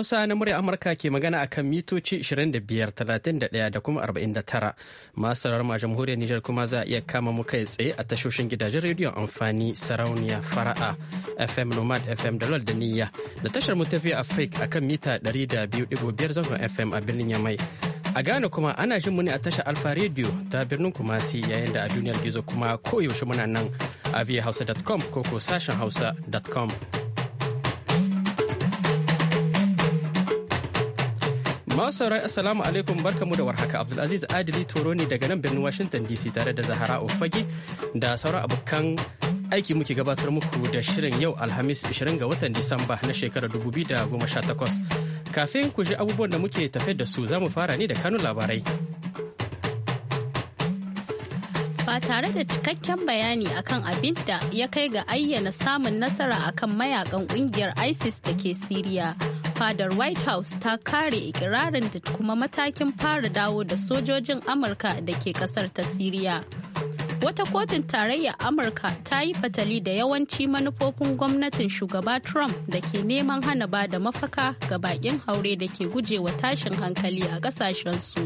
Hausa na murya Amurka ke magana a kan mitoci 25,31 da kuma 49. Masu ma jamhuriyar Nijar kuma za a iya kama mu kai tsaye a tashoshin gidajen rediyon amfani sarauniya fara'a FM Nomad FM da da Niyya da tashar mu tafiya a fake a kan mita 200.5 zafin FM a birnin Yamai. A Ghana kuma ana jin mu ne a tashar Alfa Radio ta birnin Kumasi yayin da a duniyar gizo kuma ko yaushe muna nan a viyahausa.com ko ko sashen hausa.com. saurari Assalamu alaikum barkamu da warhaka Abdulaziz Adili Toro ne daga nan birnin Washington DC tare da Zahara Ofagi da sauran abokan aiki muke gabatar muku da shirin yau Alhamis 20 ga watan Disamba na shekarar 2018. Kafin ku ji abubuwan da muke tafe da su zamu fara ne da kanun labarai. Ba tare da cikakken bayani akan abin da ya kai ga ayyana samun nasara akan mayakan kungiyar ISIS da ke Siriya. fadar white house ta kare ikirarin da kuma matakin fara dawo da sojojin amurka da ke kasar ta siriya wata kotun tarayyar amurka ta yi fatali da yawanci manufofin gwamnatin shugaba trump da ke neman hana ba da mafaka ga bakin haure da ke gujewa tashin hankali a kasashensu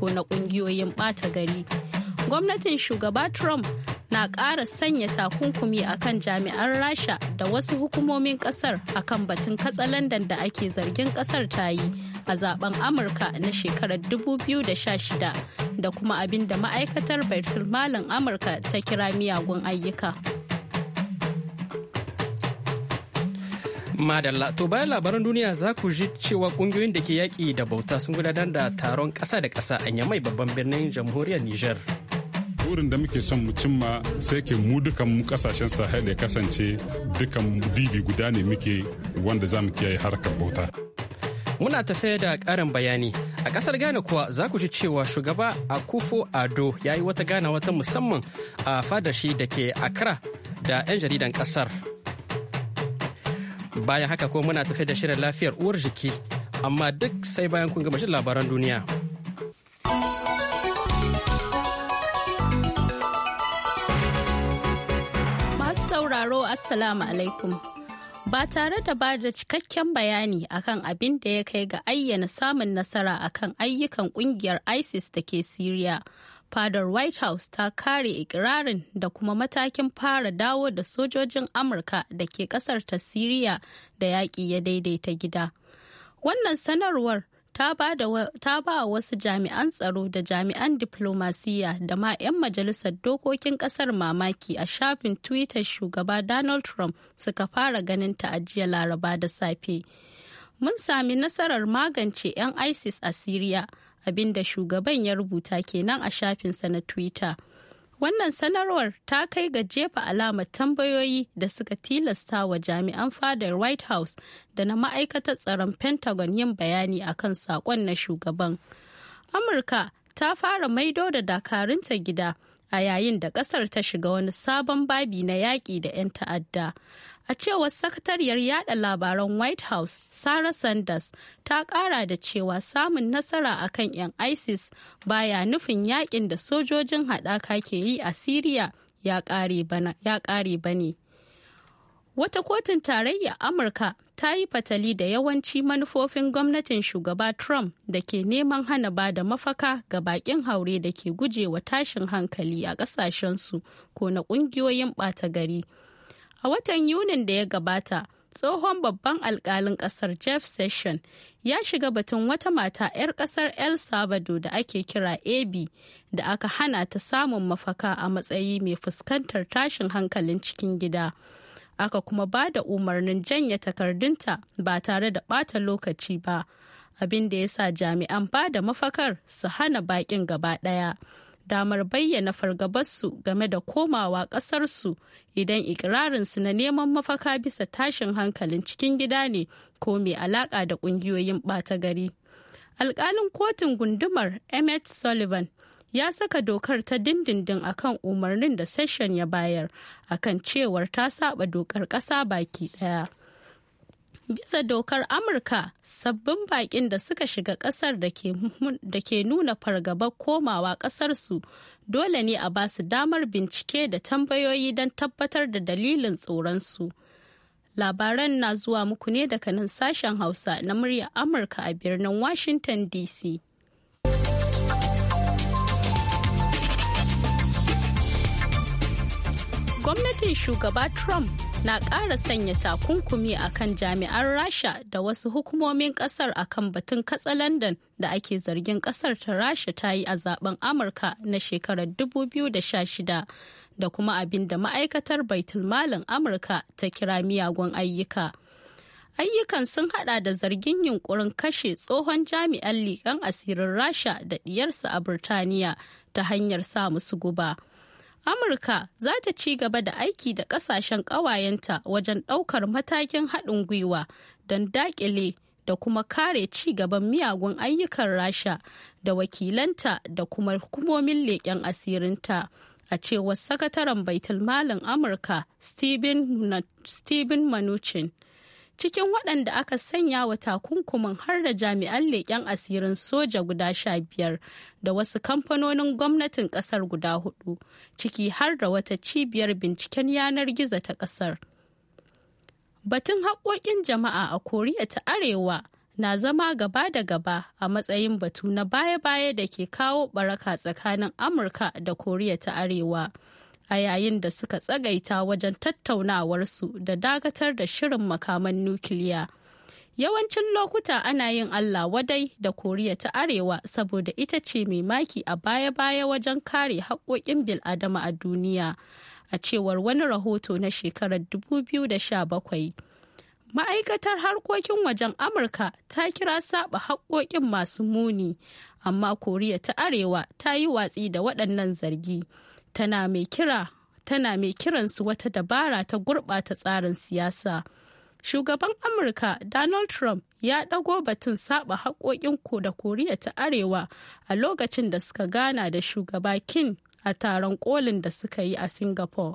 ko na kungiyoyin bata gari gwamnatin shugaba trump na ƙara sanya takunkumi a kan jami'an rasha da wasu hukumomin ƙasar a kan batun katsalandan da ake zargin ƙasar ta yi a zaben amurka na shekarar 2016 da kuma abin da ma'aikatar malin amurka ta kira miyagun ayyuka madalla to bayan labaran duniya za ku ji cewa kungiyoyin da ke yaƙi da bauta sun gudanar da taron ƙasa da ƙasa a yamai babban birnin jamhuriyar niger burin da muke son mu cimma sai ke mu dukan mu kasashen sahel ya kasance dukan dibi guda ne muke wanda za mu kiyaye harkar bauta muna tafe da karin bayani a kasar ghana kuwa za ku ji cewa shugaba akufo ado ya yi wata gana wata musamman a fadar shi da ke accra da 'yan jaridan kasar bayan haka ko muna tafe da shirin lafiyar uwar jiki amma duk sai bayan kun gama shi labaran duniya. sauraro Assalamu alaikum. Ba tare da ba da cikakken bayani akan abin da ya kai ga ayyana samun nasara akan ayyukan kungiyar ISIS da ke Siriya. Fadar White House ta kare ikirarin da kuma matakin fara dawo da sojojin Amurka da ke kasar ta Siriya da yaƙi ya daidaita gida. Wannan sanarwar ta ba wasu jami'an tsaro da jami'an diplomasiya da ma 'yan majalisar dokokin kasar mamaki a shafin twitter shugaba donald trump suka fara ganin ta jiya laraba da safe mun sami nasarar magance 'yan isis a syria abinda shugaban ya rubuta kenan a shafinsa na twitter Wannan sanarwar ta kai ga jefa alamar tambayoyi da suka tilasta wa jami'an fadar White House da na ma'aikatar tsaron Pentagon yin bayani a kan saƙon na shugaban. Amurka ta fara maido da dakarunta gida a yayin da ƙasar ta shiga wani sabon babi na yaƙi da 'yan ta'adda A cewar sakatariyar yada labaran White House, Sarah Sanders ta kara da cewa samun nasara a kan 'yan ISIS baya nufin yakin da sojojin haɗaka ke yi a Siriya ya ƙare ba ne. Wata kotun tarayya Amurka ta yi fatali da yawanci manufofin gwamnatin shugaba Trump da ke neman hana ba da mafaka ga bakin haure da ke gujewa tashin hankali a ƙasashensu ko na ƙungiyoyin ɓata gari. A watan Yunin da ya gabata, tsohon babban alkalin kasar Jeff Session ya shiga batun wata mata 'yar kasar El Salvador da ake kira AB da aka hana ta samun mafaka a matsayi mai fuskantar tashin hankalin cikin gida. Aka kuma ba da umarnin janye takardunta ba tare da ɓata lokaci ba, abin da ya sa jami'an ba da mafakar su hana baƙin gaba ɗaya. damar bayyana fargabarsu game da komawa ƙasarsu idan ikirarinsu na neman mafaka bisa tashin hankalin cikin gida ne ko mai alaƙa da ƙungiyoyin ɓata gari. Alƙalin kotun gundumar Emmett Sullivan ya saka dokar ta dindindin akan umarnin da session ya bayar akan cewar ta saba dokar ƙasa baki ɗaya. bisa dokar amurka sabbin baƙin da suka shiga ƙasar da ke nuna fargaba komawa ƙasarsu dole ne a ba su damar bincike da tambayoyi don tabbatar da dalilin tsoronsu labaran na zuwa muku ne daga nan sashen hausa na murya amurka a birnin washington dc gwamnatin shugaba trump na ƙara sanya takunkumi a kan jami'an rasha da wasu hukumomin ƙasar a kan batun katsalandan da ake zargin ƙasar ta rasha ta yi a zaben amurka na shekarar 2016 da kuma abin da ma'aikatar baitulmalin amurka ta kira miyagun ayyuka ayyukan sun hada da zargin yunkurin kashe tsohon jami'an liƙan asirin rasha da ɗiyarsa a burtaniya ta hanyar sa musu guba. Amurka za ta ci gaba da aiki da ƙasashen ƙawayenta wajen ɗaukar matakin haɗin gwiwa don daƙile da kuma kare ci gaban miyagun ayyukan rasha da wakilanta da kuma hukumomin leƙen asirinta a cewar sakataren baitulmalin amurka stephen manuchin cikin waɗanda aka sanya wa takunkumin har da jami'an leƙen asirin soja guda sha biyar da wasu kamfanonin gwamnatin ƙasar guda hudu ciki har da wata cibiyar binciken yanar gizo ta ƙasar batun haƙoƙin jama'a a koriya ta arewa na zama gaba da gaba a matsayin batu na baya-baya da ke kawo baraka tsakanin amurka da koriya ta arewa a yayin da suka tsagaita wajen tattaunawar su da dakatar da shirin makaman nukiliya. Yawancin lokuta ana yin Allah wadai da Koriya ta Arewa saboda ita ce mai maki a baya-baya wajen kare haƙoƙin bil'adama a duniya, a cewar wani rahoto na shekarar 2017. ma'aikatar harkokin wajen amurka ta kira saba haƙoƙin masu muni amma koriya ta arewa ta yi watsi da waɗannan zargi tana mai kira tana mai kiransu wata dabara ta gurɓata tsarin siyasa. Shugaban Amurka Donald Trump ya ɗago batun saba haƙoƙin da Koriya ta Arewa a lokacin da suka gana da shugaba Kim a taron kolin da suka yi a Singapore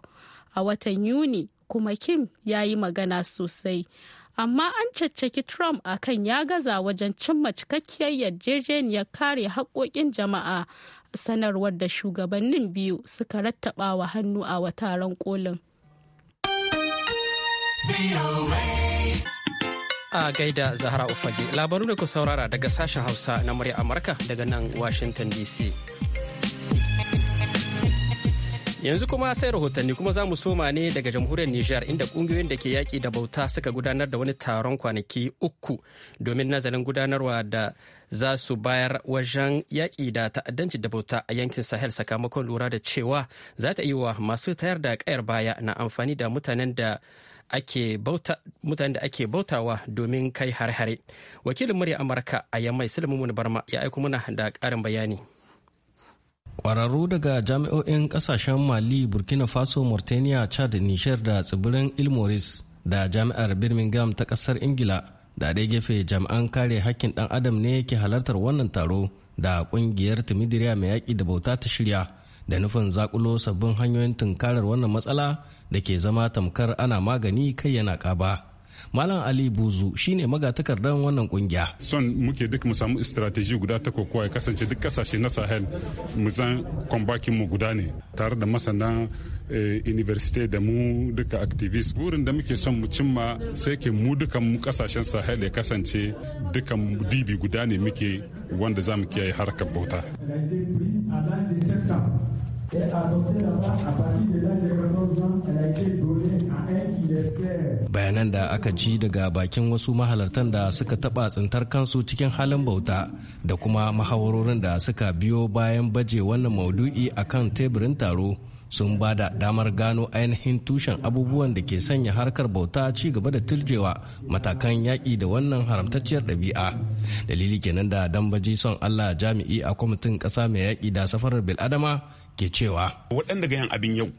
a watan Yuni kuma Kim ya yi magana sosai. Amma an caccaki Trump a kan ya gaza wajen cimma cikakkiyar yarjejeniyar kare haƙoƙin jama'a sanarwar da shugabannin biyu suka rattaba wa hannu a wataren kolin. A gaida Zahra Ufage labaru da ku saurara daga sashen Hausa na murya Amurka daga nan Washington DC. Yanzu kuma sai rahotanni kuma za mu soma ne daga jamhuriyar Nijar inda kungiyoyin da ke yaƙi da bauta suka gudanar da wani taron kwanaki uku domin nazarin gudanarwa da za su bayar wajen yaƙi da ta'addanci da bauta a yankin Sahel sakamakon lura da cewa za ta yi wa masu tayar da kayar baya na amfani da mutanen da ake bauta mutanen da ake bautawa domin kai har hare Wakilin murya Amurka a Yammai Sulaiman Barma ya aiko mana da ƙarin bayani. kwararru daga jami'o'in kasashen Mali, Burkina Faso, Mauritania, Chad, Nishar da tsibirin Ilmoris da jami'ar Birmingham ta kasar Ingila da dai gefe jami'an kare hakkin ɗan adam ne ke halartar wannan taro da ƙungiyar Timidiriya mai yaƙi da bauta ta shirya da nufin zakulo sabbin hanyoyin tunkarar wannan matsala da ke zama tamkar ana magani kai yana ƙaba. Malam Ali Buzu shine magatakardan wannan kungiya. Son muke duk mu samu strategy guda ta kokowa ya kasance duk kasashe na Sahel mu zan kwambakin mu guda ne tare da masana eh, university da mu duka activist burin da muke son mu cimma sai ke mu dukan mu kasashen sahel ya kasance dukan dibi guda ne muke wanda za mu kiyaye harkar bauta est adoptée là-bas à partir de l'âge de 14 ans, elle a été donnée à un qui l'espère. Bayanan da aka ci daga bakin wasu mahalartan da suka taɓa tsintar kansu cikin halin bauta da kuma mahawarorin da suka biyo bayan baje wannan maudu'i a kan teburin taro sun ba da damar gano ainihin tushen abubuwan da ke sanya harkar bauta ci gaba da turjewa matakan yaƙi da wannan haramtacciyar ɗabi'a dalili kenan da dambaji son allah jami'i a kwamitin ƙasa mai yaƙi da safarar bil'adama ke cewa waɗanda ga abin yau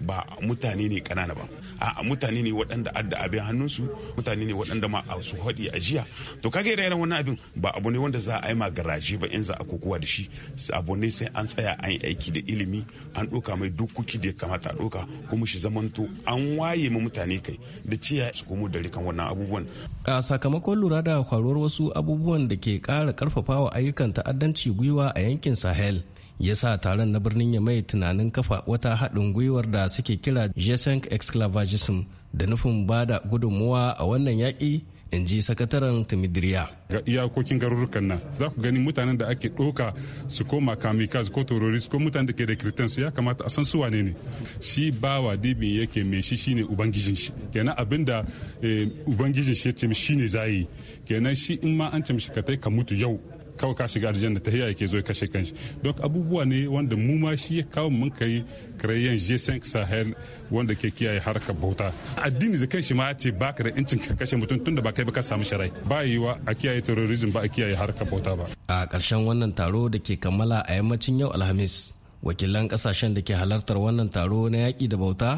ba mutane ne kanana ba a mutane ne waɗanda adda abin hannunsu mutane ne waɗanda ma su haɗi a jiya to kage da irin wannan abin ba abu ne wanda za a yi ma garaje ba in za a kokowa da shi abu ne sai an tsaya an yi aiki da ilimi an ɗoka mai duk kuki da ya kamata a ɗoka kuma shi zamanto an waye ma mutane kai da ciya su komo da rikan wannan abubuwan. a sakamakon lura da faruwar wasu abubuwan da ke ƙara wa ayyukan ta'addanci gwiwa a yankin sahel ya sa taron na birnin ya mai tunanin kafa wata haɗin gwiwar da suke kira jesenk exclavagism da nufin ba da gudunmuwa a wannan yaƙi in ji sakataren timidiriya ga iyakokin garurrukan nan za ku gani mutanen da ake ɗoka su koma kamikaz ko terrorist ko mutanen da ke da kirtan su ya kamata a san su wane ne shi bawa dibin yake mai shi shine ubangijin shi kenan abinda eh, ubangijin shi ya ce shine zayi kenan shi in ma an ce mishi ka mutu yau kawai ka shiga aljanna ta hiya yake zo kashe kanshi don abubuwa ne wanda mu ma shi ya kawo mun kai kirayen g5 sahel wanda ke kiyaye harkar bauta addini da kanshi ma ya ce baka da incin ka kashe mutum tunda ba kai ba ka samu sharai ba yiwa a kiyaye terrorism ba a kiyaye harkar bauta ba a ƙarshen wannan taro da ke kammala a yammacin yau alhamis wakilan kasashen da ke halartar wannan taro na yaƙi da bauta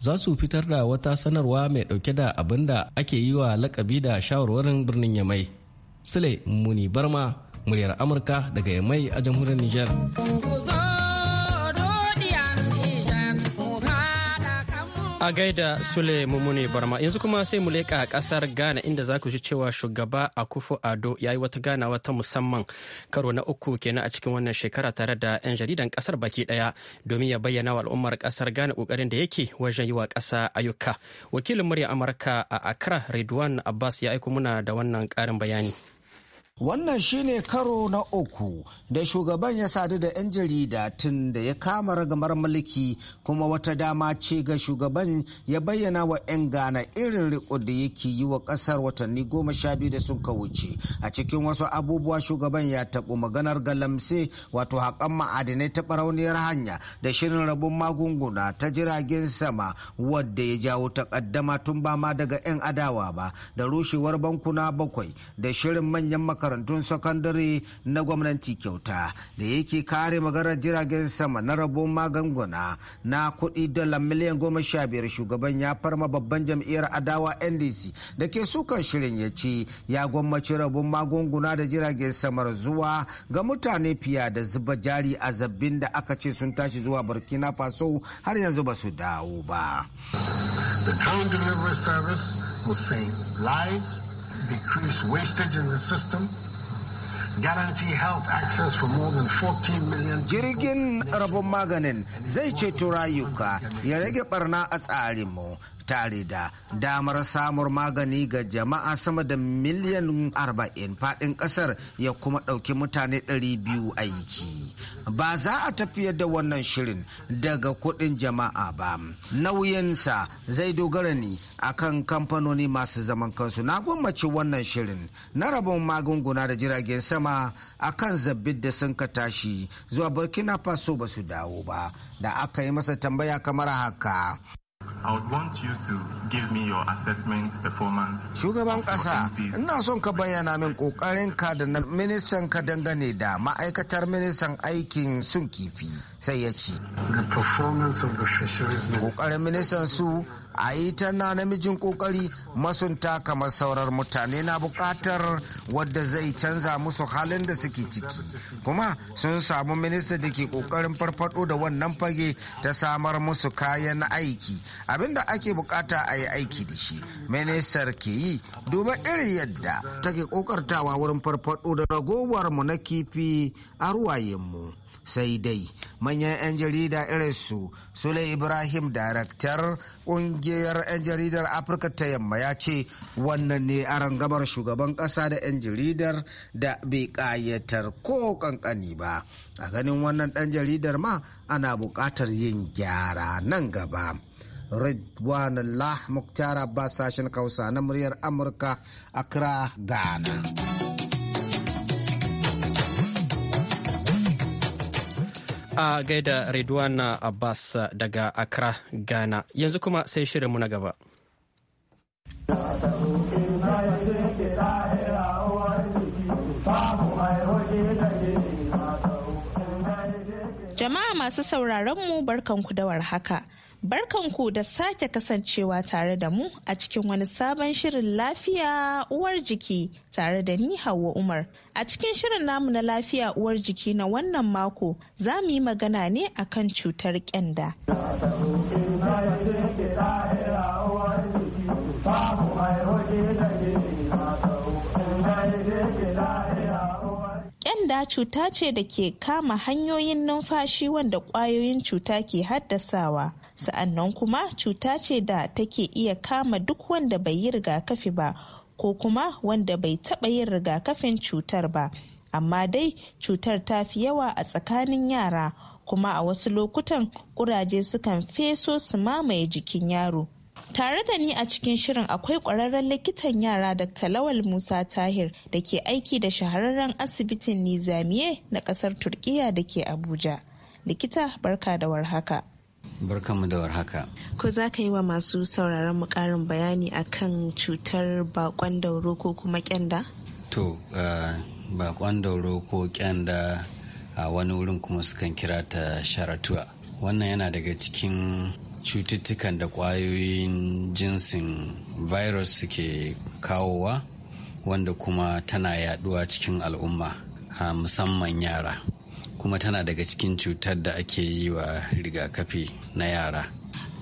za su fitar da wata sanarwa mai ɗauke da abin da ake yi wa lakabi da shawarwarin birnin yamai sule muni barma muryar amurka daga yamai a jamhuriyar niger a gaida sule mummune barma yanzu kuma sai mu leƙa ƙasar ghana inda za ku ji cewa shugaba akufo ado ya yi wata gana wata musamman karo na uku kenan a cikin wannan shekara tare da 'yan jaridan ƙasar baki ɗaya domin ya bayyana wa al'ummar ƙasar ghana ƙoƙarin da yake wajen yi wa ƙasa ayyuka wakilin murya amurka a accra redwan abbas ya aiko muna da wannan ƙarin bayani Wannan shine karo na uku da shugaban ya sadu da 'yan jarida tun da ya kama ragamar mulki kuma wata dama ce ga shugaban ya bayyana wa 'yan Ghana irin riko da yake yi wa kasar watanni goma sha biyu da sun wuce. A cikin wasu abubuwa shugaban ya taɓo maganar galamse wato haƙan ma'adinai ta barauniyar hanya da shirin rabon magunguna ta jiragen sama wadda ya jawo takaddama tun ba ma daga 'yan adawa ba da rushewar bankuna bakwai da shirin manyan makarantu makarantun sakandare na gwamnati kyauta da yake kare maganar jiragen sama na rabon magunguna na kuɗi dala miliyan goma sha biyar shugaban ya farma babban jam'iyyar adawa ndc da ke sukan shirin ya ce ya gwammaci rabon magunguna da jiragen samar zuwa ga mutane fiya da zuba jari a zabbin da aka ce sun tashi zuwa burkina faso har yanzu ba su dawo ba. The drone delivery service will save lives decrease wastage in the system, guarantee health access for more than 14 million Jirigin rabon maganin zai ceto rayuka ya rage barna a tsarinmu tare da damar samun magani ga jama'a sama da miliyan 40 faɗin ƙasar ya kuma ɗauki mutane 200 aiki ba za a tafiyar da wannan shirin daga kuɗin jama'a ba nauyinsa zai dogara ne akan kamfanoni masu zaman kansu na gwammaci wannan shirin na rabon magunguna da jiragen sama akan zabbid da sun ka tashi zuwa burkina faso ba su dawo ba da aka yi masa tambaya kamar haka Shugaban ƙasa, ina son ka bayyana min ka da ministan ka dangane da ma'aikatar ministan aikin sun kifi. sai ya ci. ƙoƙarin ministan su a yi ta na namijin ƙoƙari masunta kamar saurar mutane na buƙatar wadda zai canza musu halin da suke ciki kuma sun samu minista da ke ƙoƙarin farfado da wannan fage ta samar musu kayan aiki abinda ake buƙata a yi aiki da shi ministar ke yi domin irin yadda take ƙoƙartawa wurin farfado da ragowar mu na kifi a ruwayenmu sai dai manyan 'yan jarida irinsu su sule ibrahim daraktar kungiyar 'yan jaridar afirka ta yamma ya ce wannan ne a rangamar shugaban kasa da 'yan jaridar da bai kayatar ko kankani ba a ganin wannan dan jaridar ma ana buƙatar yin gyara nan gaba ridwanullah muktar abbas sashen kausa na muryar amurka kira ghana a gaida Redwan Abbas daga Accra, Ghana. Yanzu kuma sai shirinmu na gaba. Jama'a masu sauraron mu barkanku da warhaka. Barkanku da sake kasancewa tare da mu a cikin wani sabon shirin lafiya uwar jiki tare da ni Hauwa Umar. A cikin shirin namu na lafiya uwar jiki na wannan mako za mu yi magana ne akan cutar kyanda. Da cuta ce da ke kama hanyoyin numfashi wanda ƙwayoyin cuta ke haddasawa. Sa'annan kuma cuta ce da take iya kama duk wanda bai yi rigakafi ba ko kuma wanda bai taɓa yin rigakafin cutar ba. Amma dai cutar ta fi yawa a tsakanin yara kuma a wasu lokutan ƙuraje sukan feso su mamaye jikin yaro. Tare da ni a cikin shirin akwai ƙwararren likitan yara Dr. Lawal Musa Tahir da ke aiki da shahararren asibitin Nizamiye na ƙasar Turkiyya da ke Abuja. Likita barka da warhaka. Barkanmu da warhaka. Ko za ka yi wa masu sauraron mu ƙarin bayani akan cutar bakon dauro ko kuma kyanda? To, uh, eh, bakon dauro ko kyanda a wani wurin kuma sukan kira ta sharatuwa. Wannan yana daga cikin cututtukan da kwayoyin jinsin virus suke kawowa wanda kuma tana yaduwa cikin al'umma a musamman yara kuma tana daga cikin cutar da ake yi wa rigakafi na yara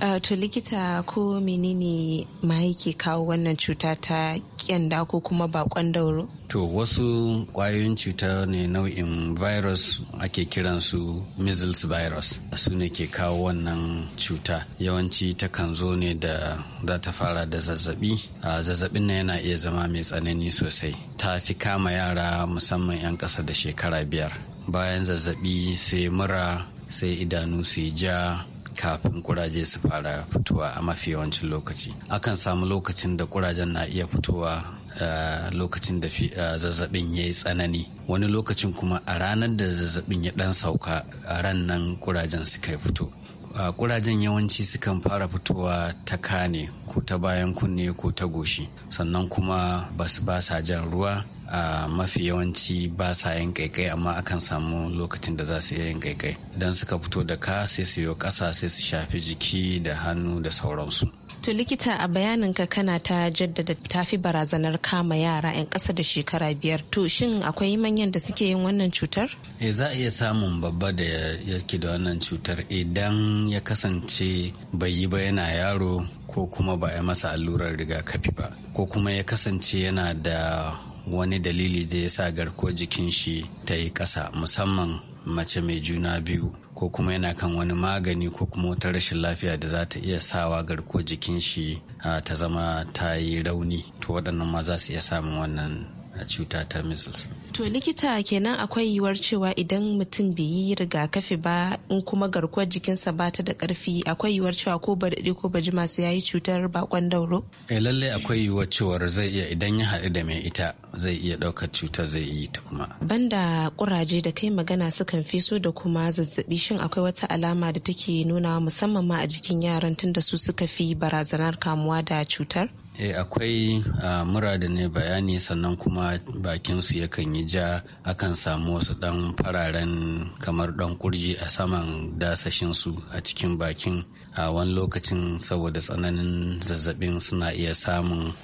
Uh, to likita ko menene ma yake kawo wannan cuta ta kyanda ko kuma bakon dauro? To wasu kwayoyin cuta ne nau'in virus ake kiransu measles virus su ne ke kawo wannan cuta yawanci takan zo ne da za ta fara da zazzabi a zazzabin na yana iya zama mai tsanani sosai ta fi kama yara musamman 'yan ƙasa da shekara biyar bayan zazzabi sai mura sai idanu sai ja kafin kuraje su fara fitowa a mafi yawancin lokaci akan samu lokacin da kurajen na iya fitowa eh, lokacin da eh, zazzabin ya yi tsanani wani lokacin kuma a ranar da zazzabin ya dan sauka a ran nan kurajen kai fito kurajen yawanci sukan fara fitowa ta kane ko ta bayan kunne ko ta goshi sannan kuma ba su ba sa jan ruwa mafi yawanci ba sa yin kaikai amma akan samu lokacin da za su iya yin kaikai idan suka fito da ka sai su yi ƙasa sai su shafi jiki da hannu da sauransu To likita a bayaninka kana ta jaddada tafi barazanar kama yara 'yan ƙasa da shekara biyar. To shin akwai manyan da suke yin wannan cutar? E za a iya samun babba da yake da wannan cutar idan ya kasance bai yi ba yana yaro ko kuma ba a masa allurar rigakafi ba ko kuma ya kasance yana da wani dalili da ya sa garkuwar jikin shi ta yi ƙasa musamman mace mai juna biyu ko kuma yana kan wani magani ko kuma wata rashin lafiya da za ta iya sawa garkuwar jikin shi ah, ta zama ta yi rauni to waɗannan ma za su iya samun wannan a cuta ta measles. To likita kenan akwai yiwuwar cewa idan mutum bai yi rigakafi ba in kuma garkuwar jikinsa ba ta da karfi akwai yiwuwar cewa ko ba daɗe ko ba jima ya yi cutar bakon dauro? Eh lallai akwai yiwuwar cewar zai iya idan ya haɗu da mai ita zai iya ɗaukar cutar zai yi ta kuma. Banda kuraje da kai magana sukan fi so da kuma zazzabi shin akwai wata alama da take nuna musamman ma a jikin yaran tunda su suka fi barazanar kamuwa da cutar? eh akwai mura da ne bayani sannan kuma bakin su yakan yi ja akan samu wasu dan fararen kamar dan kurji a saman dasashin su a cikin bakin a wani lokacin saboda tsananin zazzabin suna iya samun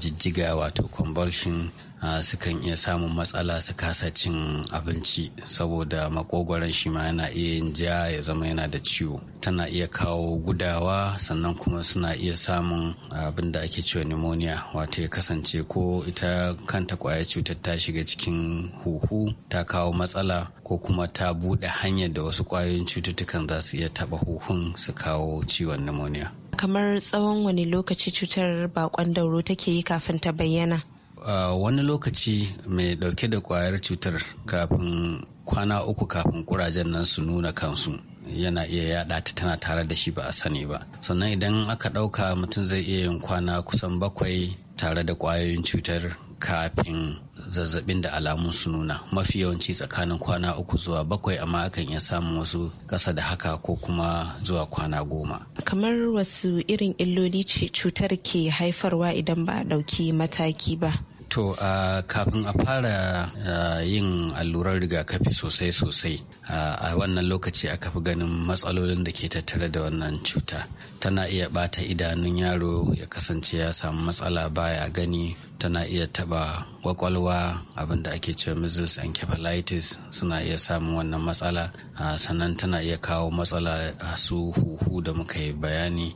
jijjiga wato convulsion sukan iya samun matsala su kasa cin abinci saboda makogwaron shi ma yana iya yin ja ya zama yana da ciwo tana iya kawo gudawa sannan kuma suna iya samun abin da ake cewa pneumonia wato ya kasance ko ita kanta kwaya cutar ta shiga cikin huhu ta kawo matsala ko kuma ta buɗe hanyar da wasu kwayoyin cututtukan za su iya taɓa huhun su kawo ciwon pneumonia kamar tsawon wani lokaci cutar bakon dauro take yi kafin ta bayyana Ah, wani lokaci mai dauke da kwayar cutar kafin kwana uku kafin kurajen nan su nuna kansu yana iya yada ta tana tare da shi ba a sani ba sannan idan aka dauka mutum zai iya yin kwana kusan bakwai tare da kwayoyin cutar kafin zazzabin da alamun su nuna mafi yawanci tsakanin kwana uku zuwa bakwai amma akan iya samun wasu ƙasa da haka ko kuma zuwa kwana goma kamar wasu irin illoli cutar ke haifarwa idan ba a ɗauki mataki ba To uh, kafin a fara uh, yin allurar rigakafi sosai-sosai a wannan lokaci aka fi ganin matsalolin da ke tattare da wannan cuta. Tana iya bata idanun yaro ya kasance ya samu matsala baya gani tana iya taba kwakwalwa abinda ake ce measles encephalitis suna iya samun wannan matsala sannan tana iya kawo matsala su huhu da muka yi bayani.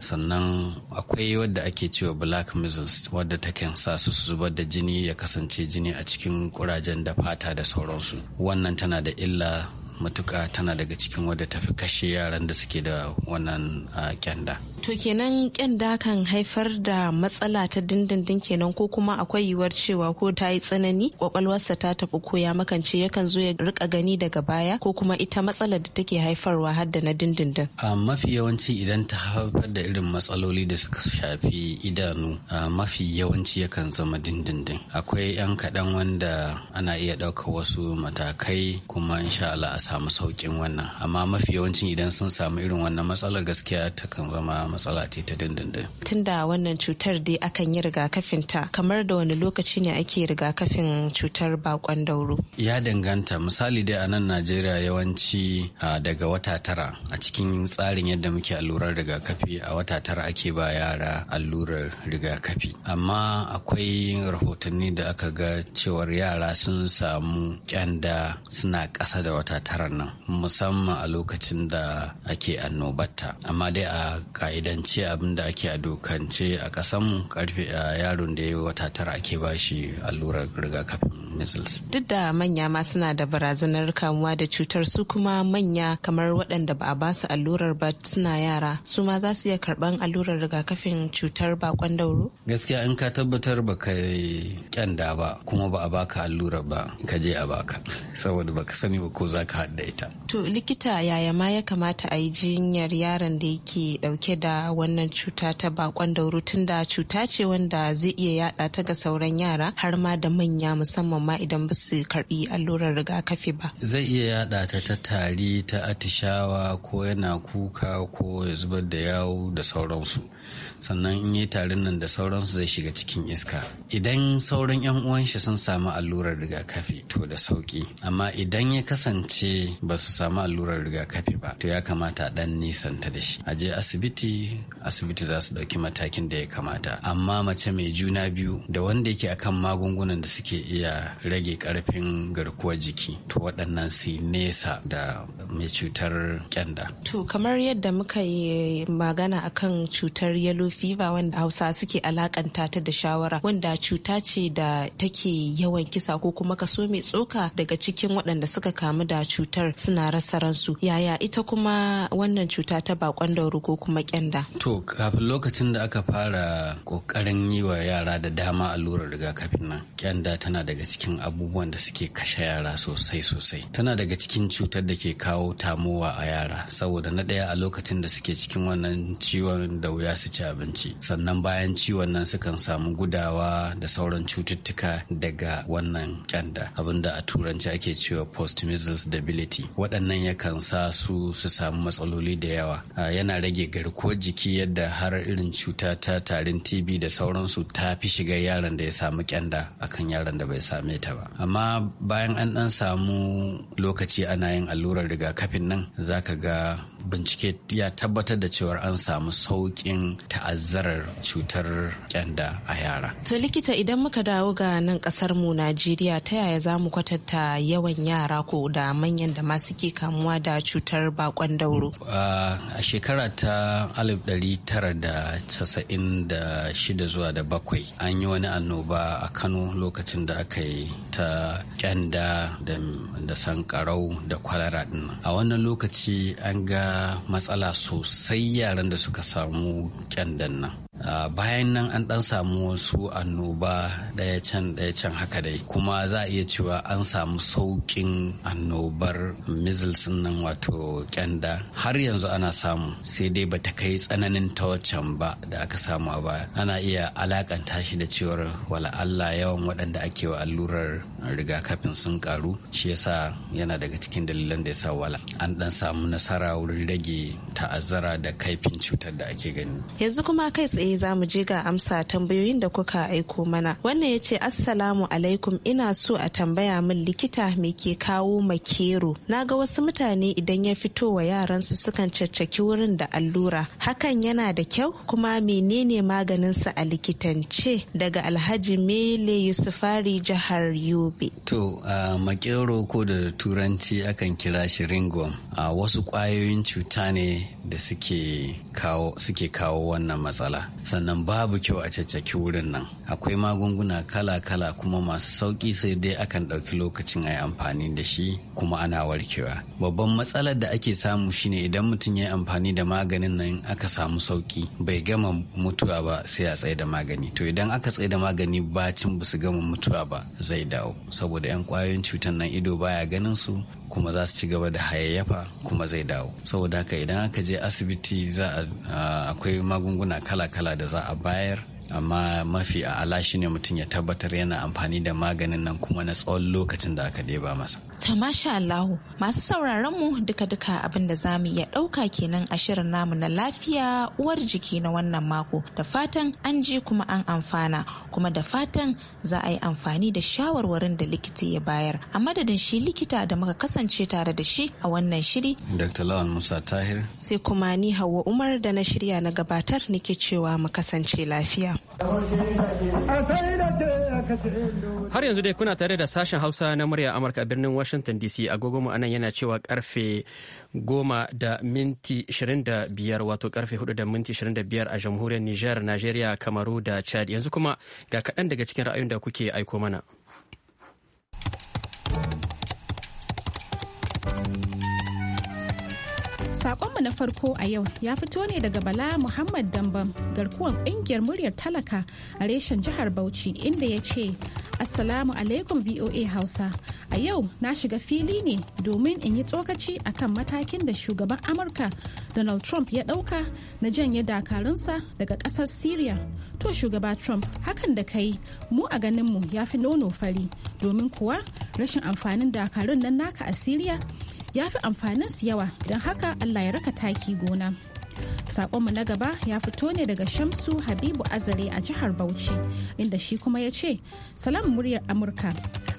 sannan akwai wadda ake cewa black measles wadda kan sa su su zubar da jini ya kasance jini a cikin kurajen da fata da sauransu wannan tana da illa matuka tana daga cikin wadda tafi kashe yaran da suke da wannan ah, kyanda To kenan da kan haifar da matsala ta dindindin kenan ko kuma akwai yiwuwar cewa ko ta yi tsanani kwakwalwarsa ta tafi ko ya makance yakan zo ya rika gani daga baya ko kuma ita matsalar da take haifarwa har da na dindindin. A mafi yawanci idan ta haifar da irin matsaloli da suka shafi idanu a mafi yawanci yakan zama dindindin. Akwai 'yan kaɗan wanda ana iya ɗaukar wasu matakai kuma insha Allah a samu sauƙin wannan amma mafi yawancin idan sun samu irin wannan matsalar gaskiya takan zama matsala ce ta dindindin. Tunda wannan cutar dai akan yi rigakafin ta kamar da wani lokaci ne ake rigakafin cutar bakon dauro. Ya danganta misali dai a nan Najeriya yawanci daga wata tara a cikin tsarin yadda muke allurar rigakafi a wata tara ake ba yara allurar rigakafi. Amma akwai rahotanni da aka ga cewar yara sun samu kyanda suna ƙasa da wata tara nan musamman a lokacin da ake annobata, Amma dai a ka'idance abin da ake a dokance a ƙasanmu karfe yaron da ya yi wata tara ake bashi allurar rigakafin measles. Duk da manya ma suna da barazanar kamuwa da cutar su kuma manya kamar waɗanda ba a ba su allurar ba suna yara su ma za su iya karɓan allurar rigakafin cutar bakon dauro? Gaskiya in ka tabbatar ba ka kyanda ba kuma ba a baka allurar ba ka je a baka saboda baka sani ba ko za ka haɗa ita. To likita yaya ma ya kamata a yi jinyar yaron da yake ɗauke da wannan cuta ta bakon dauro tunda cuta ce wanda zai iya yaɗa ta ga sauran yara har ma da manya musamman amma idan ba su karbi allurar rigakafi ba zai iya yada ta ta tari ta atishawa ko yana kuka ko ya zubar da yawo da sauransu sannan in yi tarin nan da sauransu zai shiga cikin iska idan sauran yan uwan shi sun samu allurar rigakafi to da sauki amma idan ya kasance ba su samu allurar rigakafi ba to ya kamata dan nisanta da shi a je asibiti asibiti za su dauki matakin da ya kamata amma mace mai juna biyu da wanda yake akan magungunan da suke iya rage karfin garkuwa, jiki to waɗannan su nesa da mai cutar kyanda. To kamar yadda muka yi magana akan cutar yellow fever wanda hausa suke alakanta ta da shawara wanda cuta ce da take yawan kisa ko kuma kaso mai tsoka daga cikin waɗanda suka kamu da cutar suna rasa ransu yaya ita kuma wannan cuta ta bakon dauro ko kuma kyanda. To kafin lokacin da aka fara ƙoƙarin yi wa yara da dama allurar rigakafin nan kyanda tana daga cikin cikin abubuwan da suke kashe yara sosai sosai tana daga cikin cutar da ke kawo tamowa a yara saboda na ɗaya a lokacin da suke cikin wannan ciwon da wuya su ci abinci sannan bayan ciwon nan sukan samu gudawa da sauran cututtuka daga wannan kyanda abinda a turanci ake cewa post measles debility waɗannan yakan sa su su samu matsaloli da yawa yana rage garkuwar jiki yadda har irin cuta ta tarin tb da sauransu ta fi shiga yaron da ya samu kyanda akan yaron da bai same ita ba amma bayan an dan samu lokaci ana yin allurar rigakafin nan zaka ga bincike ya tabbatar da cewar an samu sauƙin ta'azzarar cutar kyanda a yara. To likita idan muka dawo ga nan ƙasar mu Najeriya ta yaya za mu kwatanta yawan yara ko da manyan da ma suke kamuwa da cutar bakon dauro? A shekara ta 1996 zuwa da bakwai an yi wani annoba a Kano lokacin da aka yi ta kyanda da sankarau da kwalara din. A wannan lokaci an ga matsala sosai yaran da suka samu kyandan nan Ah, bayan nan an ɗan samu wasu annoba ɗaya can ɗaya can haka dai kuma za a iya cewa an samu sauƙin annobar measles nan wato kyanda har yanzu ana samu sai dai bata kai tsananin ta waccan ba da aka samu a baya ana iya alakanta shi da cewar wala Allah yawan waɗanda ake wa allurar rigakafin sun karu shi yasa yana daga cikin dalilan da yasa wala an dan samu nasara wurin rage ta'azzara da kaifin cutar da ake gani yanzu kuma kai tsaye tsaye za mu je ga amsa tambayoyin da kuka aiko mana. Wannan ya ce Assalamu alaikum ina so a tambaya min likita me ke kawo makero. Na ga wasu mutane idan ya fito wa yaransu sukan caccaki wurin da allura. Hakan yana da kyau kuma menene maganinsa a likitance daga Alhaji Mele Yusufari jihar Yobe. To, uh, makero ko da turanci akan kira shi ringworm. Uh, wasu kwayoyin cuta ne da suke kawo wannan matsala sannan babu kyau a caccaki wurin nan akwai magunguna kala-kala kuma masu sauki sai dai akan ɗauki lokacin a yi amfani da shi kuma ana warkewa babban matsalar da ake samu shine idan mutum ya yi amfani da maganin nan aka samu sauki bai gama mutuwa ba sai a tsaye da magani to idan aka tsaye da magani bacin ba su gama mutuwa ba zai dawo saboda 'yan kwayoyin cutar nan ido baya ganin su kuma za su ci gaba da hayayyafa kuma zai dawo saboda haka idan aka je asibiti za akwai magunguna kala-kala da za a bayar amma mafi ala shi ne mutum ya tabbatar yana amfani da maganin nan kuma na tsawon lokacin da aka ɗeba masa. ta masha Allahu masu sauraron mu duka-duka abin da za mu iya ɗauka kenan a shirin namu na lafiya uwar jiki na wannan mako da fatan an ji kuma an amfana kuma da fatan za a yi amfani da shawarwarin da likita ya bayar a madadin shi likita da muka kasance tare da shi a wannan shiri. Dr. Lawan Musa Tahir. Sai kuma ni Hauwa Umar da na shirya na gabatar nake cewa mu kasance lafiya. Har yanzu dai kuna tare da sashen Hausa na murya Amurka a birnin Washington DC mu anan yana cewa karfe goma da minti 25 wato karfe 4 da minti 25 a jamhuriyar Nijar, Najeriya, Kamaru da Chad. Yanzu kuma ga kaɗan daga cikin ra'ayin da kuke aiko mana. Sakonmu na farko a yau ya fito ne daga Bala Muhammad Dambam garkuwan kungiyar muryar talaka a reshen jihar Bauchi inda ya ce Assalamu alaikum VOA Hausa. A yau na shiga fili ne domin in yi tsokaci a kan matakin da shugaban Amurka Donald Trump ya ɗauka na janye dakarunsa daga ƙasar Syria. To shugaba Trump hakan da kai mu a ganinmu ya fi nono fari domin kuwa rashin amfanin dakarun nan naka a Syria ya fi amfanin su yawa don haka Allah ya raka taki gona. mu na gaba ya fito ne daga Shamsu Habibu Azare a jihar Bauchi, inda shi kuma ya ce, Salam muryar Amurka,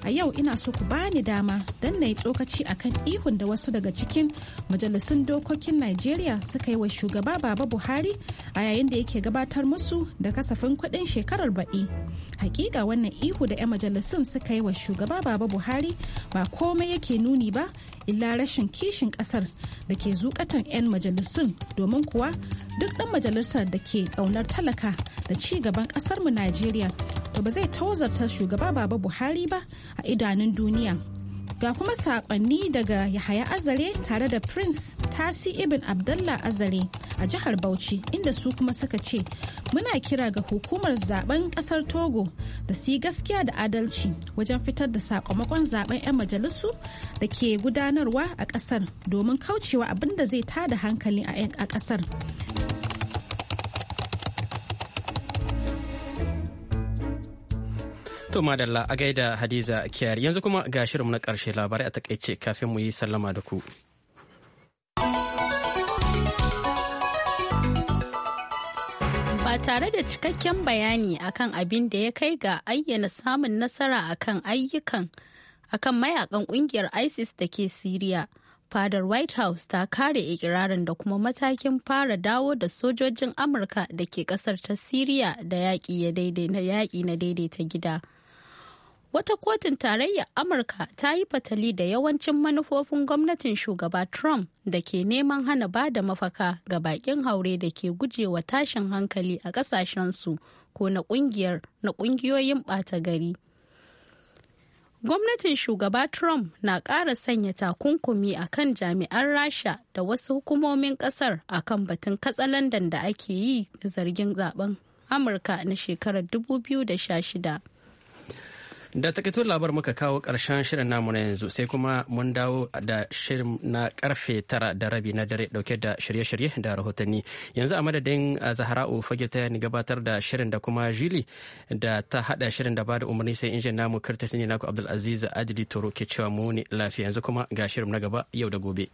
a yau ina so ku bani dama don na yi tsokaci akan ihun da wasu daga cikin majalisun dokokin Najeriya suka yi wa shugaba Baba Buhari a yayin da yake gabatar musu da kasafin kuɗin shekarar baɗi. Hakika wannan ihu da 'yan majalisun suka yi wa shugaba Baba Buhari ba komai yake nuni ba illa rashin kishin ƙasar da ke zukatan 'yan majalisun domin kuwa duk ɗan majalisar da ke ƙaunar talaka da ci gaban ƙasarmu najeriya to ba zai tozarta shugaba baba buhari ba a idanun duniya ga kuma saƙonni daga yahaya azare tare da prince tasi ibn abdullah azare a jihar bauchi inda su kuma suka ce muna kira ga hukumar zaben ƙasar togo da su gaskiya da adalci wajen fitar da sakamakon zaben 'yan majalisu da ke gudanarwa a ƙasar domin kaucewa abin da zai tada hankali a ƙasar. To madalla a gaida Hadiza Kiyar yanzu kuma ga shirinmu na karshe labarai a takaice kafin mu yi sallama da ku. Ba tare da cikakken bayani akan abin da ya kai ga ayyana samun nasara akan ayyukan akan mayakan kungiyar ISIS da ke Siriya. Fadar White House ta kare ikirarin da kuma matakin fara dawo da sojojin Amurka da ke kasar ta Siriya da yaƙi na daidaita gida. wata kotun tarayyar amurka ta yi fatali da yawancin manufofin gwamnatin shugaba trump da ke neman hana ba da mafaka ga bakin haure da ke gujewa tashin hankali a kasashensu ko na kungiyar na kungiyoyin bata gari gwamnatin shugaba trump na ƙara sanya takunkumi a kan jami'an rasha da wasu hukumomin ƙasar a kan batun katsalandan da ake yi zargin zaben amurka na shekarar 2016 Da takaitun labar muka kawo ƙarshen shirin namu na yanzu sai kuma mun dawo da shirin na karfe tara da rabi na dare dauke da shirye-shirye da rahotanni. Yanzu a madadin uh, Zahra'u fage ta ni gabatar da shirin da kuma Jili da ta hada shirin da bada umarni sai injin namu Kirtis ne naku Abdulaziz Adili Toro ke cewa mu ne lafiya yanzu kuma ga shirin na gaba yau da gobe.